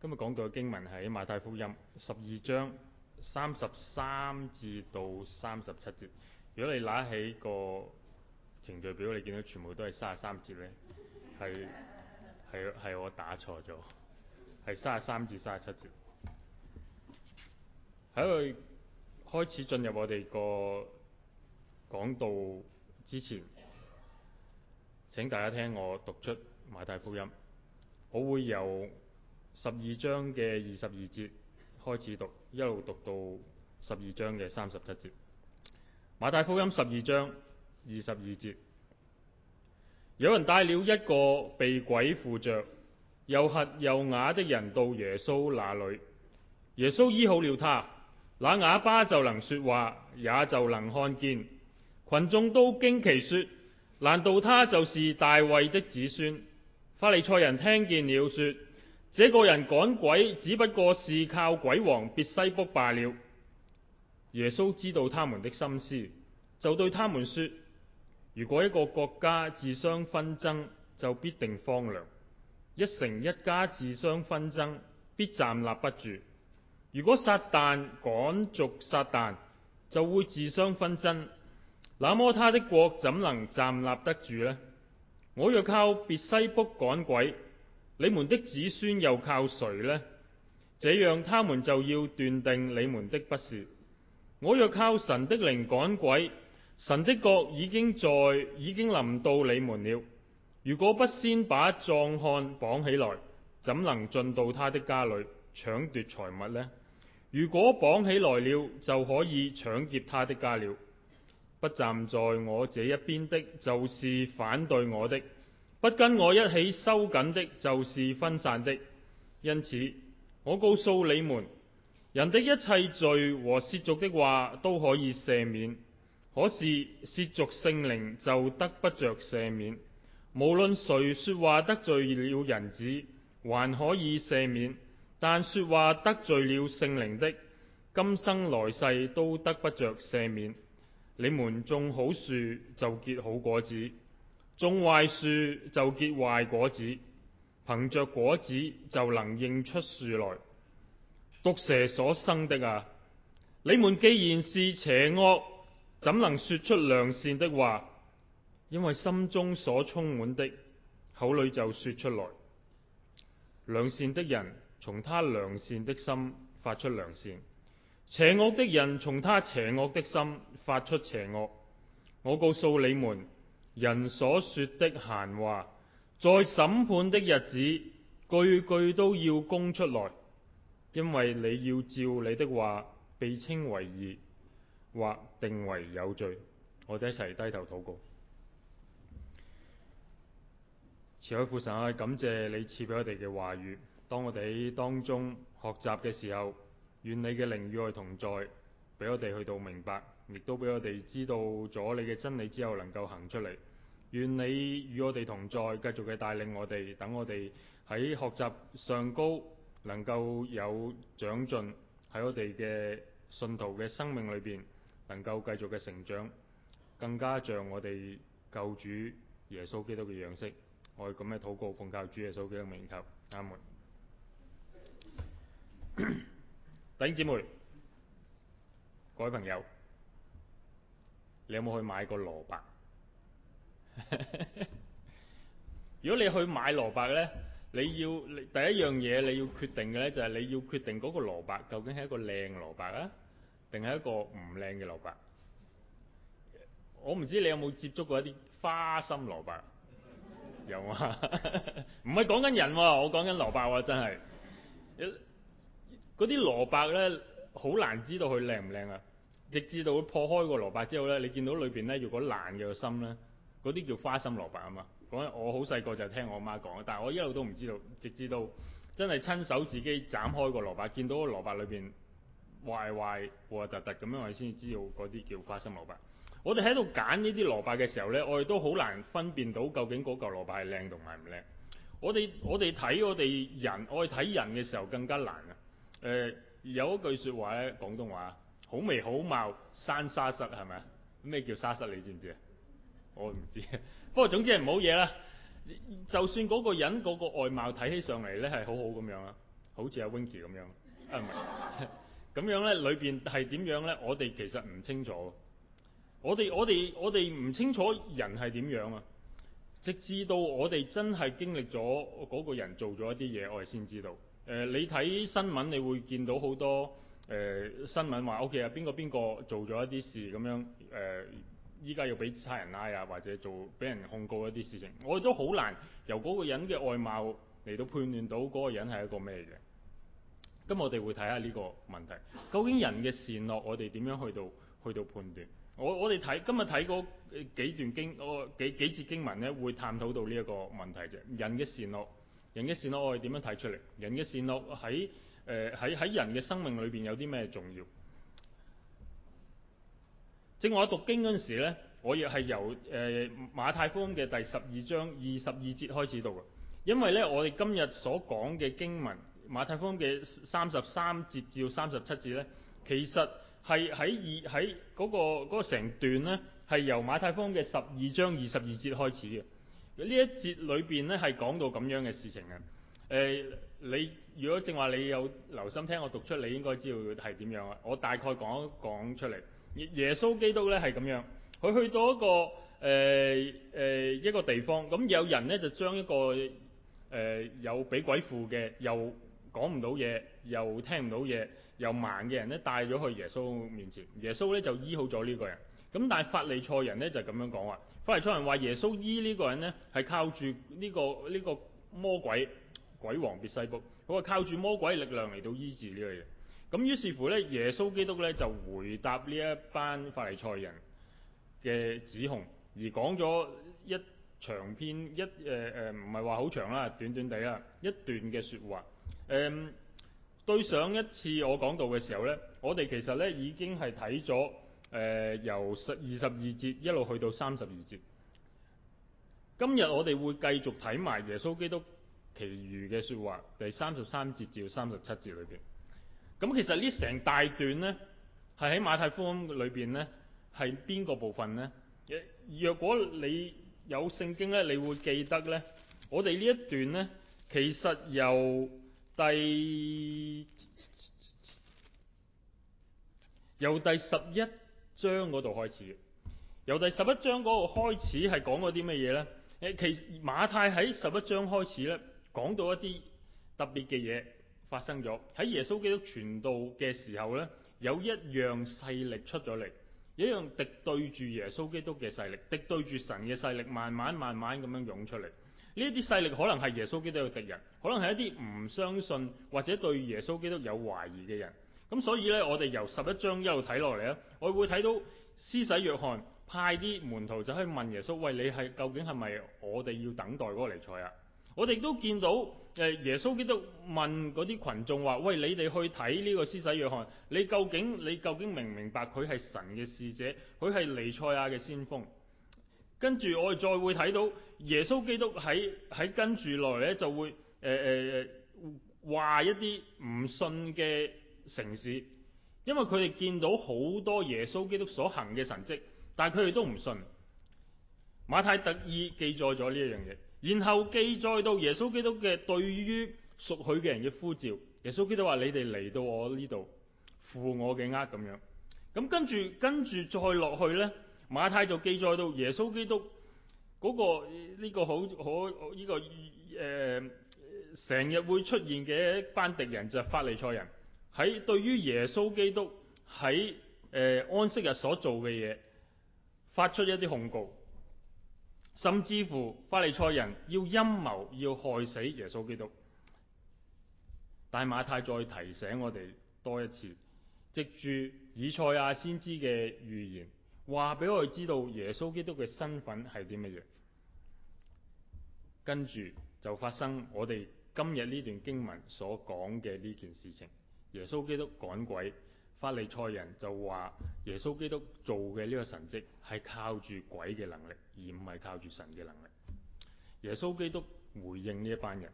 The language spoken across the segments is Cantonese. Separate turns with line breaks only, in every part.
今日講道嘅經文係《馬太福音》十二章三十三至到三十七節。如果你攞起個程序表，你見到全部都係三十三節呢，係係係我打錯咗，係三十三至三十七節。喺佢開始進入我哋個講道之前，請大家聽我讀出《馬太福音》，我會由十二章嘅二十二節開始讀，一路讀到十二章嘅三十七節。馬太福音十二章二十二節：有人帶了一個被鬼附着又瞎又啞的人到耶穌那裏，耶穌醫好了他，那啞巴就能說話，也就能看見。群眾都驚奇說：難道他就是大衛的子孫？法利賽人聽見了說。這個人趕鬼只不過是靠鬼王別西卜罷了。耶穌知道他們的心思，就對他們說：如果一個國家自相紛爭，就必定荒涼；一城一家自相紛爭，必站立不住。如果撒但趕逐撒但，就會自相紛爭，那麼他的國怎能站立得住呢？我若靠別西卜趕鬼，你們的子孫又靠誰呢？這樣他們就要斷定你們的不是。我若靠神的靈趕鬼，神的國已經在已經臨到你們了。如果不先把壯漢綁起來，怎能進到他的家裏搶奪財物呢？如果綁起來了，就可以搶劫他的家了。不站在我這一邊的，就是反對我的。不跟我一起收緊的，就是分散的。因此，我告訴你們，人的一切罪和褻瀆的話都可以赦免，可是褻瀆聖靈就得不着赦免。無論誰說話得罪了人子，還可以赦免；但說話得罪了聖靈的，今生來世都得不着赦免。你們種好樹就結好果子。種壞樹就結壞果子，憑着果子就能認出樹來。毒蛇所生的啊，你們既然是邪惡，怎能說出良善的話？因為心中所充滿的，口裏就說出來。良善的人從他良善的心發出良善，邪惡的人從他邪惡的心發出邪惡。我告訴你們，人所說的閒話，在審判的日子，句句都要供出來，因為你要照你的話，被稱為義或定為有罪。我哋一齊低頭禱告。慈愛父神啊，感謝你賜俾我哋嘅話語，當我哋喺當中學習嘅時候，願你嘅靈與我同在，俾我哋去到明白，亦都俾我哋知道咗你嘅真理之後，能夠行出嚟。.願你與我哋同在，繼續嘅帶領我哋，等我哋喺學習上高，能夠有長進，喺我哋嘅信徒嘅生命裏邊，能夠繼續嘅成長，更加像我哋救主耶穌基督嘅樣式。我哋咁樣禱告奉教主耶穌基督名求，阿門。 弟兄姊妹，各位朋友，你有冇去買過蘿蔔？ 如果你去買蘿蔔呢，你要你第一樣嘢你要決定嘅呢，就係你要決定嗰個蘿蔔究竟係一個靚蘿蔔啊，定係一個唔靚嘅蘿蔔？我唔知你有冇接觸過一啲花心蘿蔔？有 啊，唔係講緊人喎，我講緊蘿蔔喎、啊，真係嗰啲蘿蔔呢，好難知道佢靚唔靚啊！直至到佢破開個蘿蔔之後呢，你見到裏邊呢，如果爛嘅個心呢。嗰啲叫花心蘿蔔啊嘛！嗰日我好細個就聽我媽講，但係我一路都唔知道，直至到真係親手自己斬開個蘿蔔，見到蘿蔔裏邊壞壞、核核突突咁樣，我哋先知道嗰啲叫花心蘿蔔。我哋喺度揀呢啲蘿蔔嘅時候呢，我哋都好難分辨到究竟嗰嚿蘿蔔係靚同埋唔靚。我哋我哋睇我哋人，我哋睇人嘅時候更加難啊！誒、呃、有一句説話呢，廣東話好眉好貌，生沙虱係咪啊？咩叫沙虱？你知唔知啊？我唔知，不過總之係唔好嘢啦。就算嗰個人嗰個外貌睇起上嚟咧係好好咁樣啦，好似阿 Winky 咁樣，咁、啊、 樣咧裏邊係點樣咧？我哋其實唔清楚。我哋我哋我哋唔清楚人係點樣啊！直至到我哋真係經歷咗嗰個人做咗一啲嘢，我哋先知道。誒、呃，你睇新聞，你會見到好多誒、呃、新聞話：O.K. 啊，邊個邊個做咗一啲事咁樣誒？呃依家要俾差人拉啊，或者做俾人控告一啲事情，我哋都好難由嗰個人嘅外貌嚟到判斷到嗰個人係一個咩嘅。咁我哋會睇下呢個問題，究竟人嘅善惡，我哋點樣去到去到判斷？我我哋睇今日睇嗰幾段經嗰、哦、幾幾節經文咧，會探討到呢一個問題啫。人嘅善惡，人嘅善惡，我哋點樣睇出嚟？人嘅善惡喺誒喺喺人嘅生命裏邊有啲咩重要？正我喺讀經嗰陣時咧，我亦係由誒、呃、馬太福音嘅第十二章二十二節開始讀嘅，因為咧我哋今日所講嘅經文，馬太福音嘅三十三節至到三十七節咧，其實係喺二喺嗰個成、嗰個、段咧，係由馬太福音嘅十二章二十二節開始嘅。一節裏呢一節裏邊咧係講到咁樣嘅事情嘅。誒、呃，你如果正話你有留心聽我讀出，你應該知道係點樣啊？我大概講一講出嚟。耶穌基督咧係咁樣，佢去到一個誒誒、呃呃、一個地方，咁有人咧就將一個誒有俾鬼附嘅，又講唔到嘢，又聽唔到嘢，又盲嘅人咧帶咗去耶穌面前。耶穌咧就醫好咗呢個人。咁但係法利賽人咧就咁樣講話，法利賽人話耶穌醫呢個人咧係靠住呢個呢個魔鬼鬼王別西卜，佢話靠住魔鬼力量嚟到醫治呢個嘢。咁於是乎咧，耶穌基督咧就回答呢一班法利賽人嘅指控，而講咗一長篇一誒誒唔係話好長啦，短短地啦一段嘅説話。誒、嗯、對上一次我講道嘅時候咧，我哋其實咧已經係睇咗誒由十二十二節一路去到三十二節。今日我哋會繼續睇埋耶穌基督其餘嘅説話，第三十三節至到三十七節裏邊。咁其實呢成大段呢，係喺馬太福音裏邊呢，係邊個部分呢？若果你有聖經呢，你會記得呢。我哋呢一段呢，其實由第由第十一章嗰度開始，由第十一章嗰度開始係講咗啲咩嘢呢？誒，其實馬太喺十一章開始呢，講到一啲特別嘅嘢。發生咗喺耶穌基督傳道嘅時候呢，有一樣勢力出咗嚟，一樣敵對住耶穌基督嘅勢力，敵對住神嘅勢力，慢慢慢慢咁樣湧出嚟。呢啲勢力可能係耶穌基督嘅敵人，可能係一啲唔相信或者對耶穌基督有懷疑嘅人。咁所以呢，我哋由十一章一路睇落嚟咧，我會睇到施洗約翰派啲門徒就去問耶穌：喂，你係究竟係咪我哋要等待嗰個彌賽啊？我哋都見到。誒，耶穌基督問嗰啲群眾話：喂，你哋去睇呢，這個施洗約翰，你究竟你究竟明唔明白佢係神嘅使者，佢係彌賽亞嘅先鋒？跟住我哋再會睇到耶穌基督喺喺跟住來咧，就會誒誒誒，話、呃呃、一啲唔信嘅城市，因為佢哋見到好多耶穌基督所行嘅神蹟，但係佢哋都唔信。馬太特意記載咗呢一樣嘢，然後記載到耶穌基督嘅對於屬佢嘅人嘅呼召。耶穌基督話：你哋嚟到我呢度負我嘅軛咁樣。咁跟住跟住再落去咧，馬太就記載到耶穌基督嗰、嗰個呢、呢個好好呢、呢個誒，成、呃、日會出現嘅一班敵人就係、法利賽人喺對於耶穌基督喺誒、呃、安息日所做嘅嘢發出一啲控告。甚至乎法利賽人要陰謀要害死耶穌基督，但係馬太再提醒我哋多一次，藉住以賽亞先知嘅預言，話俾我哋知道耶穌基督嘅身份係啲乜嘢。跟住就發生我哋今日呢段經文所講嘅呢件事情，耶穌基督趕鬼。法利賽人就話耶穌基督做嘅呢個神蹟係靠住鬼嘅能力，而唔係靠住神嘅能力。耶穌基督回應呢一班人，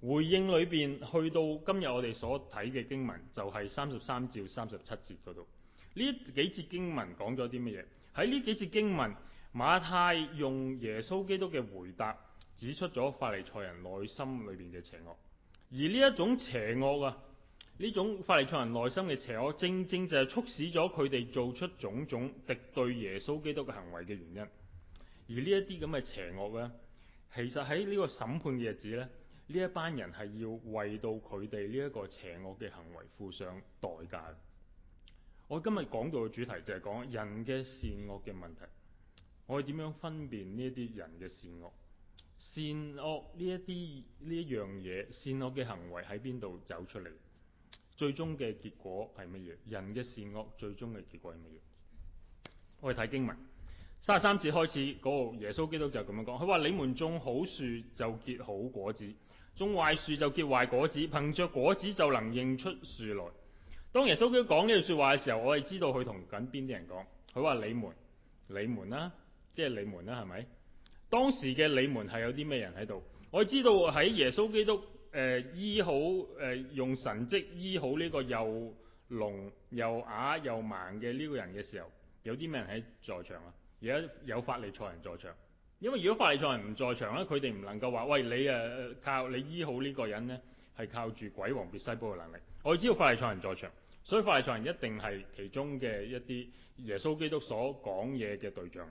回應裏邊去到今日我哋所睇嘅經文就係三十三至三十七節嗰度。呢幾節經文講咗啲乜嘢？喺呢幾節經文，馬太用耶穌基督嘅回答指出咗法利賽人內心裏邊嘅邪惡，而呢一種邪惡啊。呢種法利賽人內心嘅邪惡，正正就係促使咗佢哋做出種種敵對耶穌基督嘅行為嘅原因。而呢一啲咁嘅邪惡呢，其實喺呢個審判嘅日子呢，呢一班人係要為到佢哋呢一個邪惡嘅行為付上代價。我今日講到嘅主題就係講人嘅善惡嘅問題，我哋點樣分辨呢啲人嘅善惡？善惡呢一啲呢一樣嘢，善惡嘅行為喺邊度走出嚟？最終嘅結果係乜嘢？人嘅善惡最終嘅結果係乜嘢？我哋睇經文，三十三節開始嗰度，耶穌基督就咁樣講，佢話你們種好樹就結好果子，種壞樹就結壞果子，憑着果子就能認出樹來。當耶穌基督講呢句說話嘅時候，我哋知道佢同緊邊啲人講，佢話你們、你們啦、啊，即係你們啦、啊，係咪？當時嘅你們係有啲咩人喺度？我知道喺耶穌基督。誒、呃、醫好誒、呃、用神蹟醫好呢個又聾又啞、啊、又盲嘅呢個人嘅時候，有啲咩人喺在場啊？而家有法利賽人在場，因為如果法利賽人唔在場咧，佢哋唔能夠話：喂，你誒、啊、靠你醫好呢個人咧，係靠住鬼王別西卜嘅能力。我知道法利賽人在場，所以法利賽人一定係其中嘅一啲耶穌基督所講嘢嘅對象。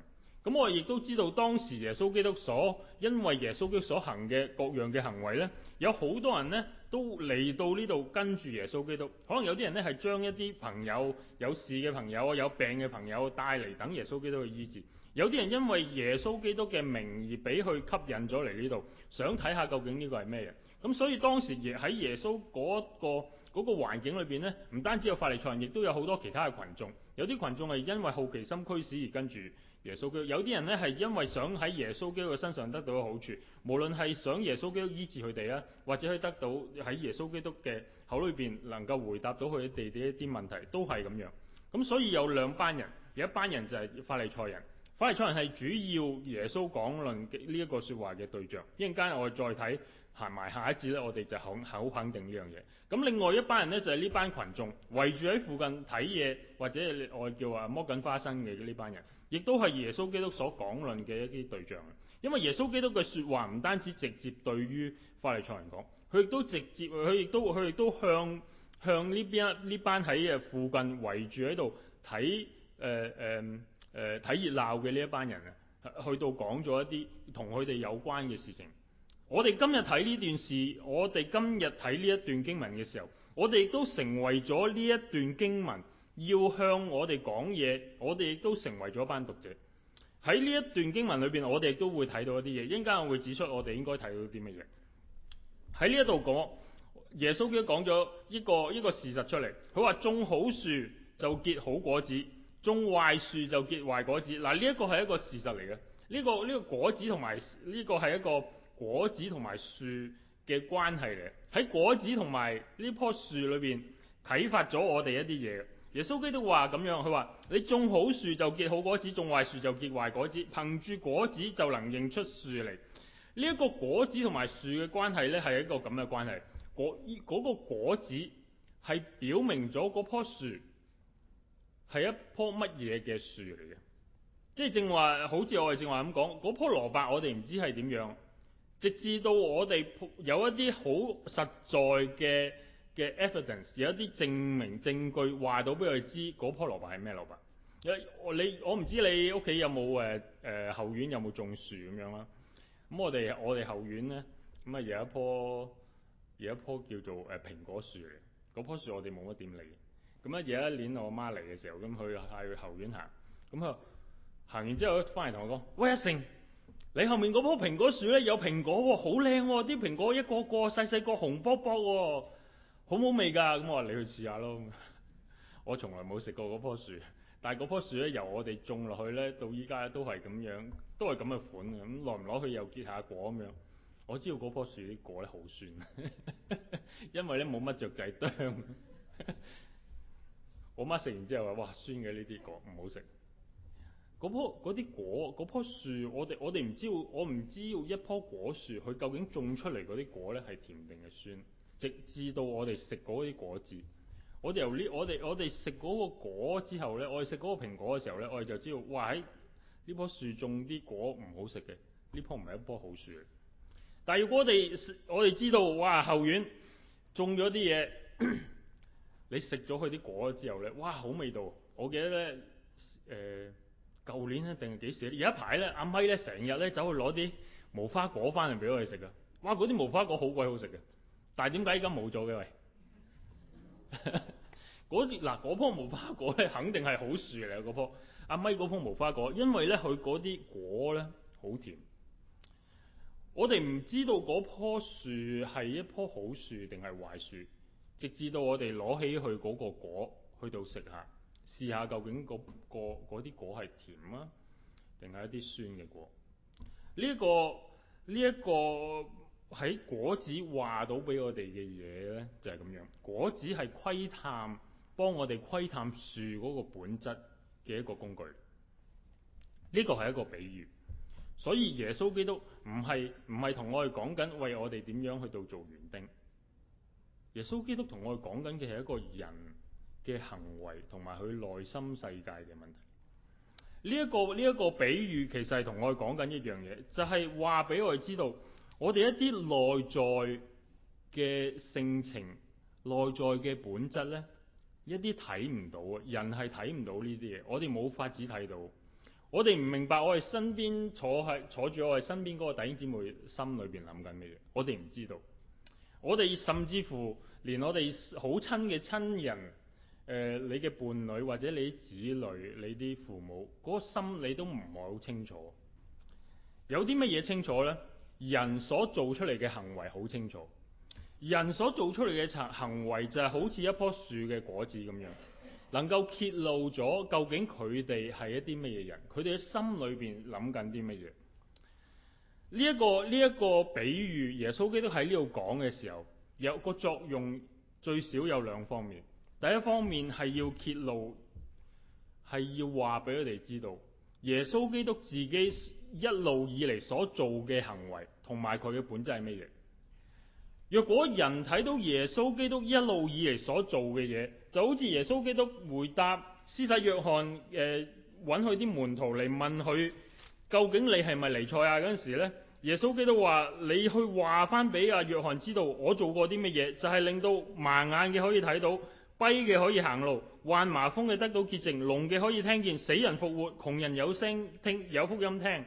咁我亦都知道當時耶穌基督所因為耶穌基督所行嘅各樣嘅行為呢，有好多人呢都嚟到呢度跟住耶穌基督。可能有啲人呢係將一啲朋友有事嘅朋友啊、有病嘅朋友帶嚟等耶穌基督去醫治；有啲人因為耶穌基督嘅名義而俾佢吸引咗嚟呢度，想睇下究竟呢個係咩人。咁所以當時喺耶穌嗰個嗰個環境裏邊呢，唔單止有法利賽人，亦都有好多其他嘅群眾。有啲群眾係因為好奇心驅使而跟住。耶穌基督有啲人咧，係因為想喺耶穌基督嘅身上得到好處，無論係想耶穌基督醫治佢哋啊，或者可以得到喺耶穌基督嘅口裏邊能夠回答到佢哋嘅一啲問題，都係咁樣。咁所以有兩班人，有一班人就係法利賽人，法利賽人係主要耶穌講論呢一個說話嘅對象。一陣間我哋再睇行埋下一節咧，我哋就肯好肯定呢樣嘢。咁另外一班人咧，就係呢班群眾圍住喺附近睇嘢，或者我叫啊摸緊花生嘅呢班人。亦都係耶穌基督所講論嘅一啲對象，因為耶穌基督嘅説話唔單止直接對於法利賽人講，佢亦都直接，佢亦都，佢亦都向向呢邊呢班喺誒附近圍住喺度睇誒誒誒睇熱鬧嘅呢一班人啊，去到講咗一啲同佢哋有關嘅事情。我哋今日睇呢段事，我哋今日睇呢一段經文嘅時候，我哋亦都成為咗呢一段經文。要向我哋講嘢，我哋亦都成為咗班讀者喺呢一段經文裏邊，我哋都會睇到一啲嘢。陣間我會指出，我哋應該睇到啲乜嘢喺呢一度講。耶穌基督講咗一個一個事實出嚟。佢話種好樹就結好果子，種壞樹就結壞果子。嗱，呢一個係一個事實嚟嘅。呢個呢個果子同埋呢個係一個果子同埋樹嘅關係嚟。喺果子同埋呢樖樹裏邊啟發咗我哋一啲嘢。耶穌基督話咁樣，佢話你種好樹就結好果子，種壞樹就結壞果子。憑住果子就能認出樹嚟。呢一個果子同埋樹嘅關係呢，係一個咁嘅關係。嗰個果子係表明咗嗰樖樹係一棵乜嘢嘅樹嚟嘅，即係正話，好似我哋正話咁講。嗰樖蘿蔔我哋唔知係點樣，直至到我哋有一啲好實在嘅。嘅 evidence 有一啲證明證據話到俾佢知嗰樖蘿蔔係咩蘿蔔。因為我你我你有你我唔知你屋企有冇誒誒後院有冇種樹咁樣啦。咁我哋我哋後院咧咁啊有一棵有一樖叫做誒、呃、蘋果樹嚟。嗰樖樹我哋冇乜點理。咁啊有一年我媽嚟嘅時候咁去喺後院行咁啊行完之後咧翻嚟同我講：喂，阿成，你後面嗰樖蘋果樹咧有蘋果喎、哦，好靚喎，啲蘋果一個一個細細個紅卜卜喎。好冇味㗎，咁我話你去試下咯。 我從來冇食過嗰棵樹，但係嗰棵樹咧由我哋種落去咧，到依家都係咁樣，都係咁嘅款嘅。咁落唔落去又結下果咁樣。我知道嗰棵樹啲果咧好酸， 因為咧冇乜雀仔啄。 我媽食完之後話：哇，酸嘅呢啲果唔好食。嗰棵啲果嗰棵樹，我哋我哋唔知我唔知要一棵果樹佢究竟種出嚟嗰啲果咧係甜定係酸。直至到我哋食嗰啲果子，我哋由呢我哋我哋食嗰個果之後咧，我哋食嗰個蘋果嘅時候咧，我哋就知道哇！喺呢棵樹種啲果唔好食嘅，呢棵唔係一棵好樹。但係如果我哋我哋知道哇，後院種咗啲嘢，你食咗佢啲果之後咧，哇，好味道！我記得咧誒，舊年咧定係幾時？有一排咧阿咪咧成日咧走去攞啲無花果翻嚟俾我哋食噶，哇，嗰啲無花果好鬼好食嘅。但係點解依家冇咗嘅喂？嗰啲嗱棵無花果咧，肯定係好樹嚟。嗰棵阿咪，嗰、啊、棵無花果，因為咧佢嗰啲果咧好甜。我哋唔知道嗰棵樹係一棵好樹定係壞樹，直至到我哋攞起佢嗰個果去到食下，試下究竟嗰啲、嗰個、果係甜啊，定係一啲酸嘅果？呢個呢一個。呢個喺果子話到俾我哋嘅嘢呢，就係、是、咁樣。果子係窺探，幫我哋窺探樹嗰個本質嘅一個工具。呢個係一個比喻，所以耶穌基督唔係唔係同我哋講緊為我哋點樣去到做園丁。耶穌基督同我哋講緊嘅係一個人嘅行為同埋佢內心世界嘅問題。呢、這、一個呢一、這個比喻其實係同我哋講緊一樣嘢，就係話俾我哋知道。我哋一啲內在嘅性情，內在嘅本質呢，一啲睇唔到啊，人係睇唔到呢啲嘢，我哋冇法子睇到。我哋唔明白，我哋身邊坐喺坐住我哋身邊嗰個弟兄姊妹心裏邊諗緊咩嘢，我哋唔知道。我哋甚至乎連我哋好親嘅親人，誒、呃，你嘅伴侶或者你啲子女，你啲父母嗰，嗰個心，你都唔係好清楚。有啲乜嘢清楚呢？人所做出嚟嘅行為好清楚，人所做出嚟嘅行為就係好似一棵樹嘅果子咁樣，能夠揭露咗究竟佢哋係一啲乜嘢人，佢哋喺心裏邊諗緊啲乜嘢。呢一個呢一個比喻，耶穌基督喺呢度講嘅時候，有個作用最少有兩方面。第一方面係要揭露，係要話俾佢哋知道，耶穌基督自己一路以嚟所做嘅行為，同埋佢嘅本質係乜嘢？若果人睇到耶穌基督一路以嚟所做嘅嘢，就好似耶穌基督回答施洗約翰，誒揾佢啲門徒嚟問佢，究竟你係咪彌賽亞啊？嗰陣時咧，耶穌基督話：你去話翻俾阿約翰知道，我做過啲乜嘢，就係令到盲眼嘅可以睇到，跛嘅可以行路，患麻風嘅得到潔淨，聾嘅可以聽見，死人復活，窮人有聲聽，有福音聽。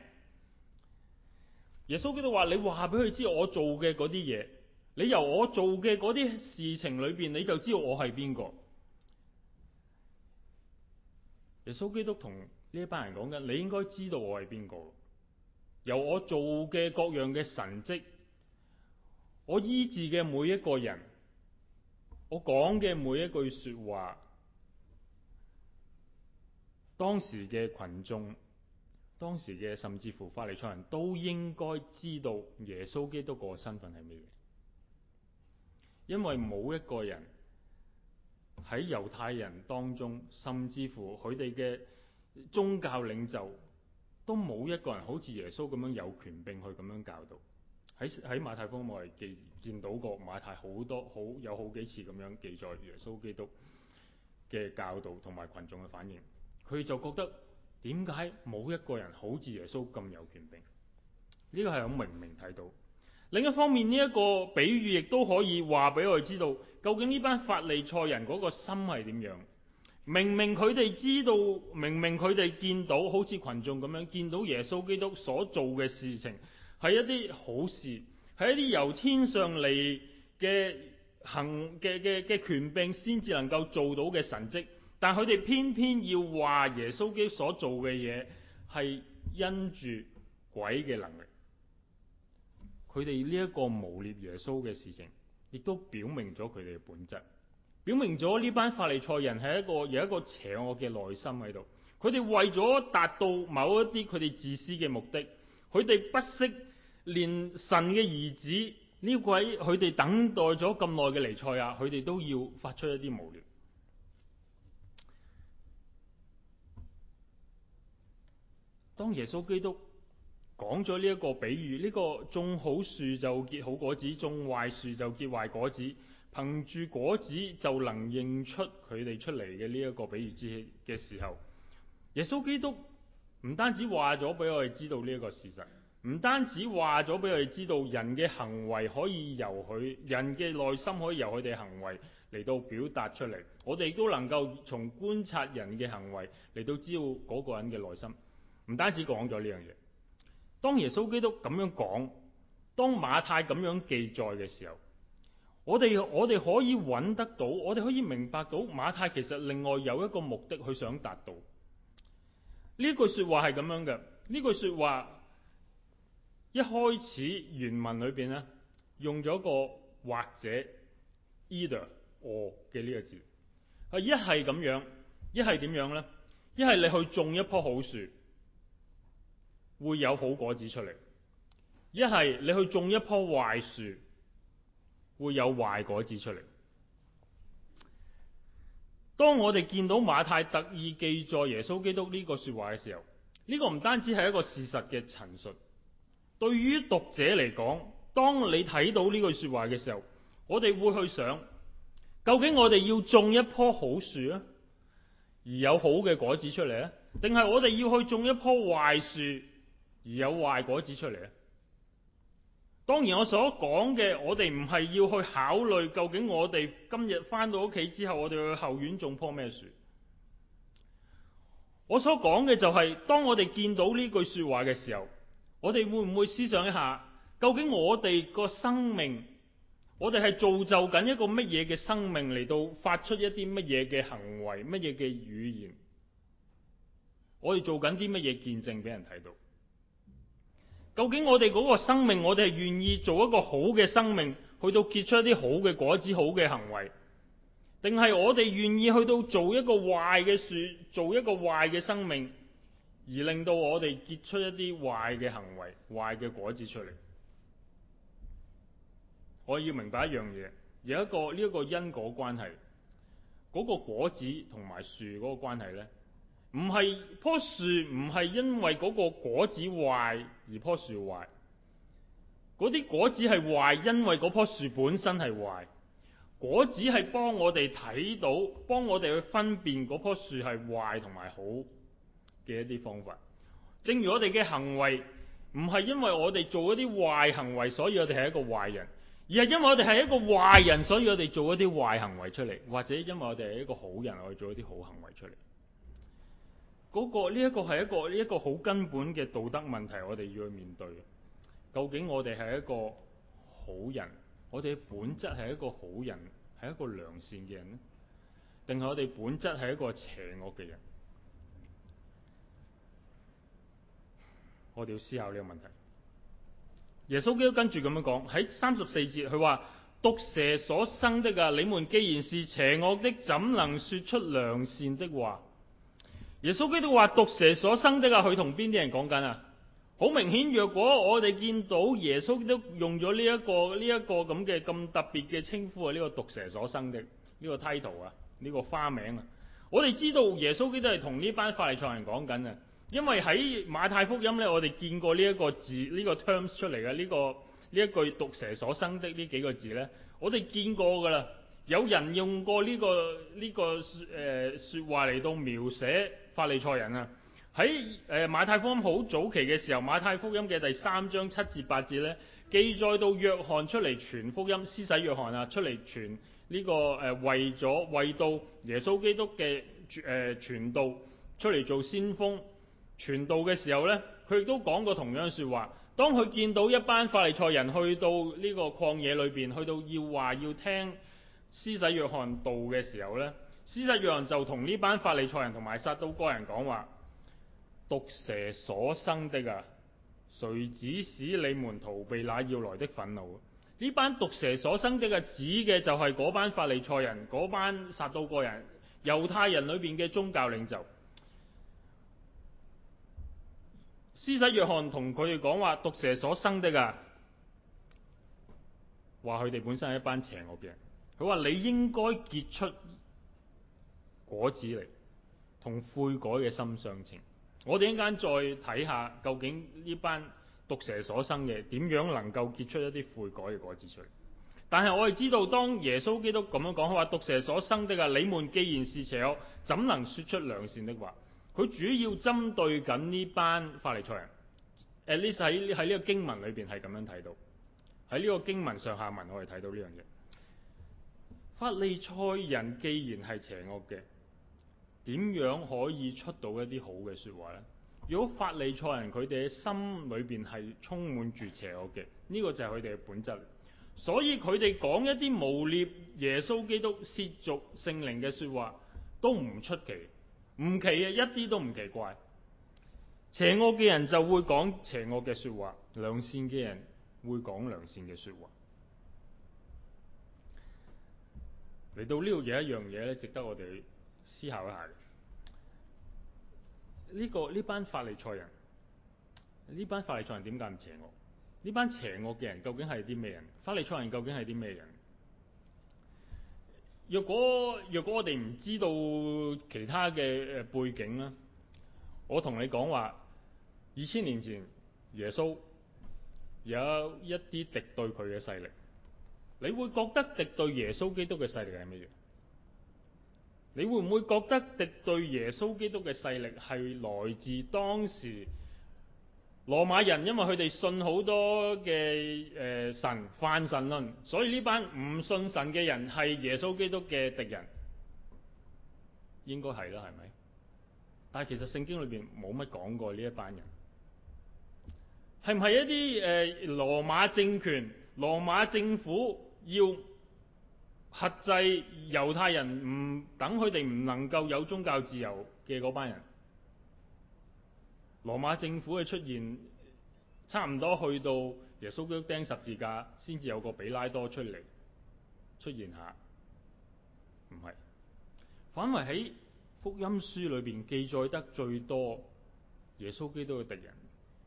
耶穌基督話：你話俾佢知我做嘅嗰啲嘢，你由我做嘅嗰啲事情裏邊，你就知道我係邊個。耶穌基督同呢一班人講緊：你應該知道我係邊個，由我做嘅各樣嘅神蹟，我醫治嘅每一個人，我講嘅每一句說話，當時嘅群眾。當時嘅甚至乎法利賽人都應該知道耶穌基督個身份係咩嘢，因為冇一個人喺猶太人當中，甚至乎佢哋嘅宗教領袖都冇一個人好似耶穌咁樣有權柄去咁樣教導。喺喺馬太福音，我係見到過馬太好多好有好幾次咁樣記載耶穌基督嘅教導同埋群眾嘅反應，佢就覺得。點解冇一個人好似耶穌咁有權柄？呢個係我明明睇到。另一方面，呢一個比喻亦都可以話俾我哋知道，究竟呢班法利賽人嗰個心係點樣？明明佢哋知道，明明佢哋見到好似群眾咁樣見到耶穌基督所做嘅事情，係一啲好事，係一啲由天上嚟嘅行嘅嘅嘅權柄先至能夠做到嘅神蹟。但佢哋偏偏要話耶穌基督所做嘅嘢係因住鬼嘅能力，佢哋呢一個誣衊耶穌嘅事情，亦都表明咗佢哋嘅本質，表明咗呢班法利賽人係一個有一個邪惡嘅內心喺度，佢哋為咗達到某一啲佢哋自私嘅目的，佢哋不惜連神嘅兒子呢位佢哋等待咗咁耐嘅尼賽亞，佢哋都要發出一啲誣衊。當耶穌基督講咗呢一個比喻，呢個種好樹就結好果子，種壞樹就結壞果子，憑住果子就能認出佢哋出嚟嘅呢一個比喻之嘅時候，耶穌基督唔單止話咗俾我哋知道呢一個事實，唔單止話咗俾我哋知道人嘅行為可以由佢人嘅內心可以由佢哋行為嚟到表達出嚟，我哋亦都能夠從觀察人嘅行為嚟到知道嗰個人嘅內心。唔單止講咗呢樣嘢，當耶穌基督咁樣講，當馬太咁樣記載嘅時候，我哋我哋可以揾得到，我哋可以明白到馬太其實另外有一個目的去想達到呢句說話係咁樣嘅。呢句說話一開始原文裏邊咧用咗個或者 either or 嘅呢個字，係一係咁樣，一係點樣咧？一係你去種一棵好樹。會有好果子出嚟，一係你去種一棵壞樹，會有壞果子出嚟。當我哋見到馬太特意記載耶穌基督呢個說話嘅時候，呢個唔單止係一個事實嘅陳述。對於讀者嚟講，當你睇到呢句說話嘅時候，我哋會去想，究竟我哋要種一棵好樹啊，而有好嘅果子出嚟啊，定係我哋要去種一棵壞樹？而有壞果子出嚟啊！當然我所講嘅，我哋唔係要去考慮究竟我哋今日翻到屋企之後，我哋去後院種棵咩樹。我所講嘅就係，當我哋見到呢句說話嘅時候，我哋會唔會思想一下？究竟我哋個生命，我哋係造就緊一個乜嘢嘅生命嚟到發出一啲乜嘢嘅行為、乜嘢嘅語言？我哋做緊啲乜嘢見證俾人睇到？究竟我哋嗰個生命，我哋係願意做一個好嘅生命，去到結出一啲好嘅果子、好嘅行為，定係我哋願意去到做一個壞嘅樹，做一個壞嘅生命，而令到我哋結出一啲壞嘅行為、壞嘅果子出嚟？我要明白一樣嘢，有一個呢一個因果關係，嗰個果子同埋樹嗰個關係咧。唔係棵樹，唔係因為嗰個果子壞而棵樹壞，嗰啲果子係壞，因為嗰棵樹本身係壞。果子係幫我哋睇到，幫我哋去分辨嗰棵樹係壞同埋好嘅一啲方法。正如我哋嘅行為唔係因為我哋做一啲壞行為，所以我哋係一個壞人，而係因為我哋係一個壞人，所以我哋做一啲壞行為出嚟，或者因為我哋係一個好人，我哋做一啲好行為出嚟。嗰個呢一個係一個呢一個好根本嘅道德問題，我哋要去面對。究竟我哋係一個好人，我哋嘅本質係一個好人，係一個良善嘅人咧，定係我哋本質係一個邪惡嘅人？我哋要思考呢個問題。耶穌基督跟住咁樣講喺三十四節，佢話： 毒蛇所生的啊，你們既然是邪惡的，怎能說出良善的話？耶穌基督話，毒蛇所生的，啊，佢同邊啲人講緊啊？好明顯，若果我哋見到耶穌基督用咗呢一個呢一個咁嘅咁特別嘅稱呼啊，呢個毒蛇所生的呢個 title 啊，呢個花名啊，我哋知道耶穌基督係同呢班法利賽人講緊啊，因為喺馬太福音呢，我哋見過呢一個字呢個 terms 出嚟嘅呢個呢一句毒蛇所生的呢幾個字呢，我哋見過噶啦，有人用過呢個呢個誒説，呃，説話嚟到描寫。法利賽人啊，喺誒、呃、馬太福音好早期嘅時候，馬太福音嘅第三章七至八節呢，記載到約翰出嚟傳福音，施洗約翰啊出嚟傳呢個誒、呃、為咗為到耶穌基督嘅誒傳道出嚟做先鋒，傳道嘅時候呢，佢亦都講過同樣説話。當佢見到一班法利賽人去到呢個曠野裏邊，去到要話要聽施洗約翰道嘅時候呢。施洗約翰就同呢班法利賽人同埋撒都該人講話：毒蛇所生的啊，誰指使你們逃避那要來的憤怒？呢班毒蛇所生的啊，指嘅就係嗰班法利賽人、嗰班撒都該人、猶太人裏邊嘅宗教領袖。施洗約翰同佢哋講話：毒蛇所生的啊，話佢哋本身係一班邪惡嘅人。佢話你應該結出。果子嚟，同悔改嘅心相稱。我哋一陣間再睇下，究竟呢班毒蛇所生嘅點樣能夠結出一啲悔改嘅果子出嚟？但係我哋知道，當耶穌基督咁樣講，佢話毒蛇所生的啊，你們既然是邪惡，怎能説出良善的話？佢主要針對緊呢班法利賽人。at least 喺喺呢個經文裏邊係咁樣睇到，喺呢個經文上下文我哋睇到呢樣嘢。法利賽人既然係邪惡嘅。點樣可以出到一啲好嘅說話呢？如果法利賽人佢哋喺心裏邊係充滿住邪惡嘅，呢個就係佢哋嘅本質。所以佢哋講一啲侮蔑耶穌基督褻瀆聖靈嘅說話都唔出奇，唔奇啊，一啲都唔奇怪。邪惡嘅人就會講邪惡嘅說話，良善嘅人會講良善嘅說話。嚟到呢度有一樣嘢咧，值得我哋。思考一下。呢、這個呢班法利賽人，呢班法利賽人點解唔邪惡？呢班邪惡嘅人究竟係啲咩人？法利賽人究竟係啲咩人？若果若果我哋唔知道其他嘅誒背景啦，我同你講話，二千年前耶穌有一啲敵對佢嘅勢力，你會覺得敵對耶穌基督嘅勢力係咩嘢？你會唔會覺得敵對耶穌基督嘅勢力係來自當時羅馬人？因為佢哋信好多嘅，誒、呃、神泛神論，所以呢班唔信神嘅人係耶穌基督嘅敵人，應該係啦，係咪？但係其實聖經裏邊冇乜講過呢一班人係唔係一啲誒羅馬政權，羅馬政府要限制猶太人唔等佢哋唔能夠有宗教自由嘅嗰班人，羅馬政府嘅出現差唔多去到耶穌基督釘十字架，先至有個比拉多出嚟出現下，唔係。反為喺福音書裏邊記載得最多耶穌基督嘅敵人，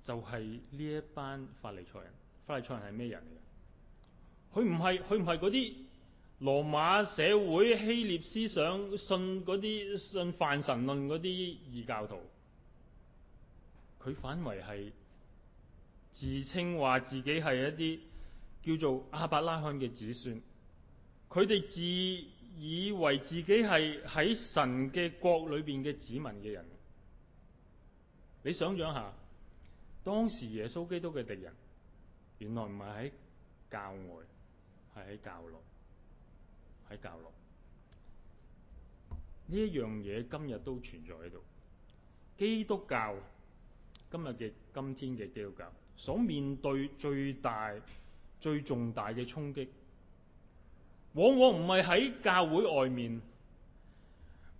就係、是、呢一班法利賽人。法利賽人係咩人嚟嘅？佢唔係佢唔係嗰啲。羅馬社會希臘思想，信嗰啲信泛神論嗰啲異教徒，佢反為係自稱話自己係一啲叫做亞伯拉罕嘅子孫，佢哋自以為自己係喺神嘅國裏邊嘅子民嘅人。你想象下，當時耶穌基督嘅敵人，原來唔係喺教外，係喺教內。喺教落呢一樣嘢，今日都存在喺度。基督教今日嘅、今天嘅基督教，所面對最大、最重大嘅衝擊，往往唔係喺教會外面，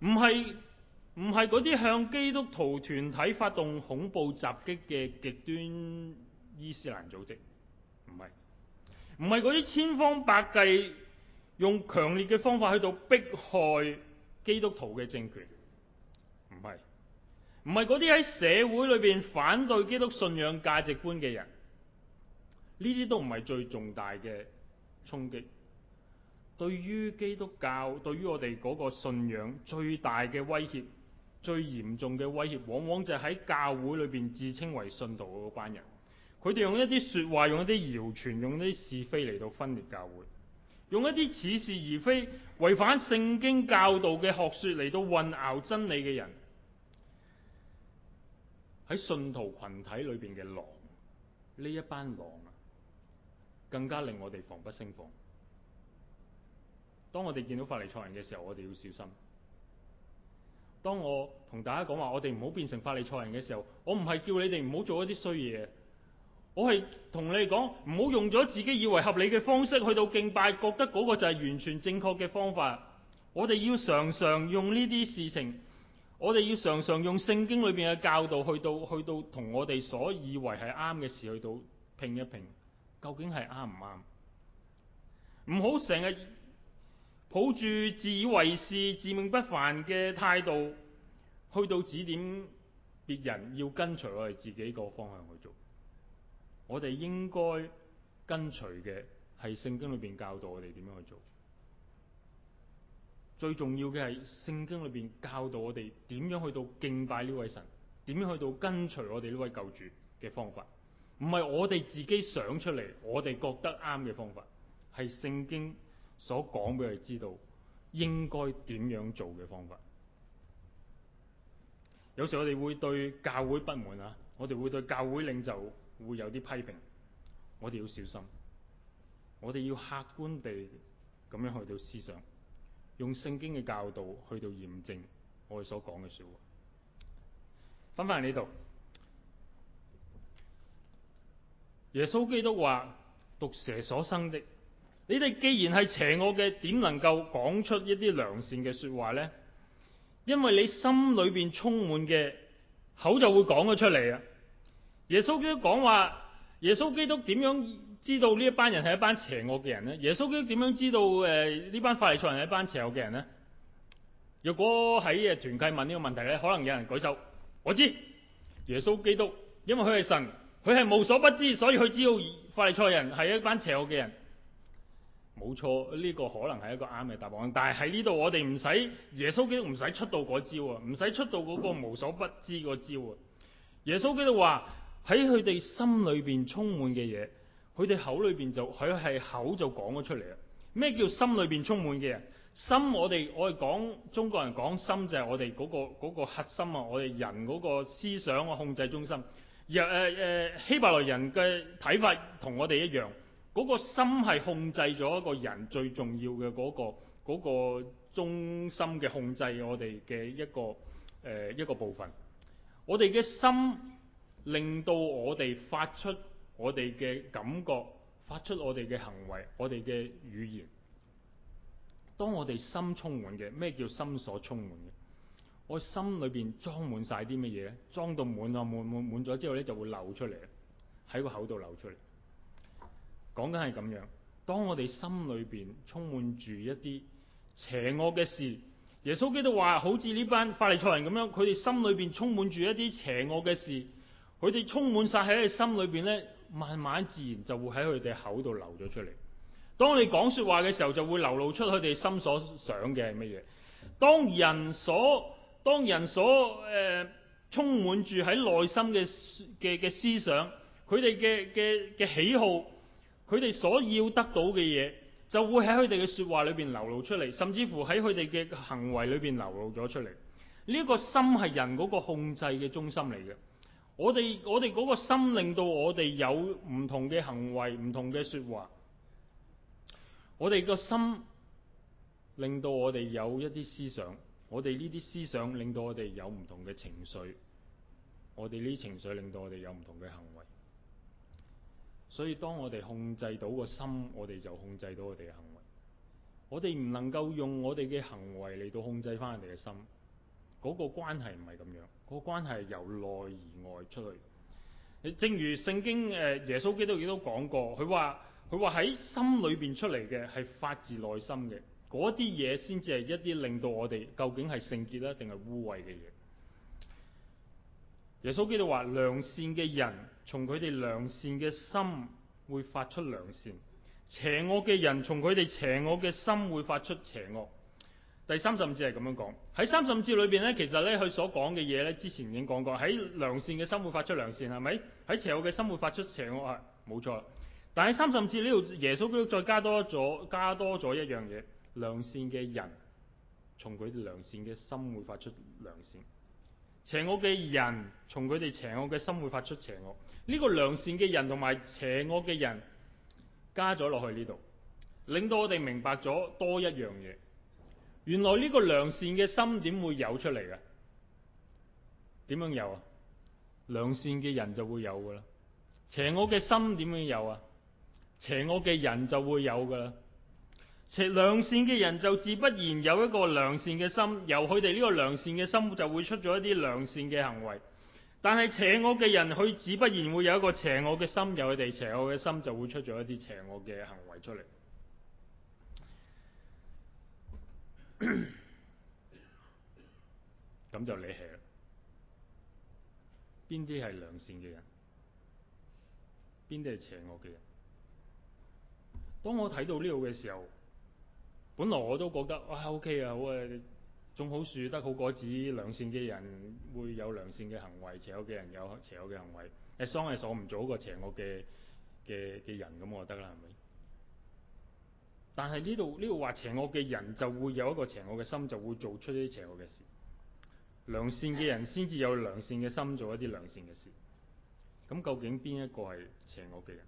唔係唔係嗰啲向基督徒團體發動恐怖襲擊嘅極端伊斯蘭組織，唔係唔係嗰啲千方百計，用強烈嘅方法去到迫害基督徒嘅政權，唔係，唔係嗰啲喺社會裏邊反對基督信仰價值觀嘅人，呢啲都唔係最重大嘅衝擊。對於基督教，對於我哋嗰個信仰最大嘅威脅、最嚴重嘅威脅，往往就係喺教會裏邊自稱為信徒嗰班人，佢哋用一啲說話、用一啲謠傳、用一啲是非嚟到分裂教會。用一啲似是而非、違反聖經教導嘅學說嚟到混淆真理嘅人，喺信徒群體裏邊嘅狼，呢一班狼啊，更加令我哋防不勝防。當我哋見到法利賽人嘅時候，我哋要小心。當我同大家講話，我哋唔好變成法利賽人嘅時候，我唔係叫你哋唔好做一啲衰嘢。我係同你講，唔好用咗自己以為合理嘅方式去到敬拜，覺得嗰個就係完全正確嘅方法。我哋要常常用呢啲事情，我哋要常常用聖經裏邊嘅教導去到去到同我哋所以為係啱嘅事去到評一評究竟係啱唔啱？唔好成日抱住自以為是、自命不凡嘅態度，去到指點別人要跟隨我哋自己個方向去做。我哋應該跟隨嘅係聖經裏邊教導我哋點樣去做，最重要嘅係聖經裏邊教導我哋點樣去到敬拜呢位神，點樣去到跟隨我哋呢位救主嘅方法，唔係我哋自己想出嚟，我哋覺得啱嘅方法，係聖經所講俾我哋知道應該點樣做嘅方法。有時我哋會對教會不滿啊，我哋會對教會領袖。會有啲批評，我哋要小心。我哋要客觀地咁樣去到思想，用聖經嘅教導去到驗證我哋所講嘅說話。翻返嚟呢度，耶穌基督話：「毒蛇所生的，你哋既然係邪惡嘅，點能夠講出一啲良善嘅說話呢？因為你心裏邊充滿嘅口就會講咗出嚟啊！耶穌基督講話：耶穌基督點樣知道呢一班人係一班邪惡嘅人呢？耶穌基督點樣知道誒呢班法利賽人係一班邪惡嘅人呢？若果喺誒團契問呢個問題咧，可能有人舉手。我知耶穌基督，因為佢係神，佢係無所不知，所以佢知道法利賽人係一班邪惡嘅人。冇錯，呢個可能係一個啱嘅答案。但係喺呢度我哋唔使耶穌基督唔使出到嗰招啊，唔使出到嗰個無所不知嗰招啊。耶穌基督話。喺佢哋心裏邊充滿嘅嘢，佢哋口裏邊就佢係口就講咗出嚟啦。咩叫心裏邊充滿嘅人？心，我哋我哋講中國人講心就係我哋嗰、嗰個、嗰個嗰個核心啊！我哋人嗰個思想啊，控制中心。若誒誒希伯來人嘅睇法同我哋一樣，嗰、嗰個心係控制咗一個人最重要嘅嗰、嗰個、嗰個中心嘅控制，我哋嘅一個誒、呃、一個部分。我哋嘅心。令到我哋發出我哋嘅感覺，發出我哋嘅行為，我哋嘅語言。當我哋心充滿嘅，咩叫心所充滿嘅？我心裏邊裝滿晒啲乜嘢咧？裝到滿啊！滿滿滿咗之後呢，就會流出嚟喺個口度流出嚟。講緊係咁樣。當我哋心裏邊充滿住一啲邪惡嘅事，耶穌基督話好似呢班法利賽人咁樣，佢哋心裏邊充滿住一啲邪惡嘅事。佢哋充滿晒喺佢心裏邊呢，慢慢自然就會喺佢哋口度流咗出嚟。當你講說話嘅時候，就會流露出佢哋心所想嘅係乜嘢？當人所當人所誒、呃、充滿住喺內心嘅嘅嘅思想，佢哋嘅嘅嘅喜好，佢哋所要得到嘅嘢，就會喺佢哋嘅說話裏邊流露出嚟，甚至乎喺佢哋嘅行為裏邊流露咗出嚟。呢、這、一個心係人嗰個控制嘅中心嚟嘅。我哋我哋嗰個心令到我哋有唔同嘅行為，唔同嘅說話。我哋個心令到我哋有一啲思想，我哋呢啲思想令到我哋有唔同嘅情緒，我哋呢啲情緒令到我哋有唔同嘅行為。所以當我哋控制到個心，我哋就控制到我哋嘅行為。我哋唔能夠用我哋嘅行為嚟到控制翻人哋嘅心，嗰個關係唔係咁樣。個關係由內而外出嚟，正如聖經耶穌基督都講過，佢話佢話喺心裏邊出嚟嘅係發自內心嘅，嗰啲嘢先至係一啲令到我哋究竟係聖潔啦，定係污穢嘅嘢。耶穌基督話：良善嘅人從佢哋良善嘅心會發出良善，邪惡嘅人從佢哋邪惡嘅心會發出邪惡。第三十五節係咁樣講，喺三十五節裏邊咧，其實咧佢所講嘅嘢咧，之前已經講過，喺良善嘅心會發出良善，係咪？喺邪惡嘅心會發出邪惡，係冇錯。但喺三十五節呢度，耶穌基督再加多咗，加多咗一樣嘢，良善嘅人從佢哋良善嘅心會發出良善，邪惡嘅人從佢哋邪惡嘅心會發出邪惡。呢、這個良善嘅人同埋邪惡嘅人加咗落去呢度，令到我哋明白咗多一樣嘢。原來呢個良善嘅心點會有出嚟嘅？點樣有啊？良善嘅人就會有噶啦。邪惡嘅心點樣有啊？邪惡嘅人就會有噶啦。邪良善嘅人就自不然有一個良善嘅心，由佢哋呢個良善嘅心就會出咗一啲良善嘅行為。但係邪惡嘅人，佢自不然會有一個邪惡嘅心，由佢哋邪惡嘅心就會出咗一啲邪惡嘅行為出嚟。咁 就你係啦。邊啲係良善嘅人？邊啲係邪惡嘅人？當我睇到呢度嘅時候，本來我都覺得哇 OK 啊，喂，啊，種、okay，好樹、啊、得好果子，良善嘅人會有良善嘅行為，邪惡嘅人有邪惡嘅行為。誒、呃，喪係傷唔到個邪惡嘅嘅嘅人，咁我得啦，係咪？但係呢度呢度話，邪惡嘅人就會有一個邪惡嘅心，就會做出一啲邪惡嘅事。良善嘅人先至有良善嘅心，做一啲良善嘅事。咁究竟邊一個係邪惡嘅人？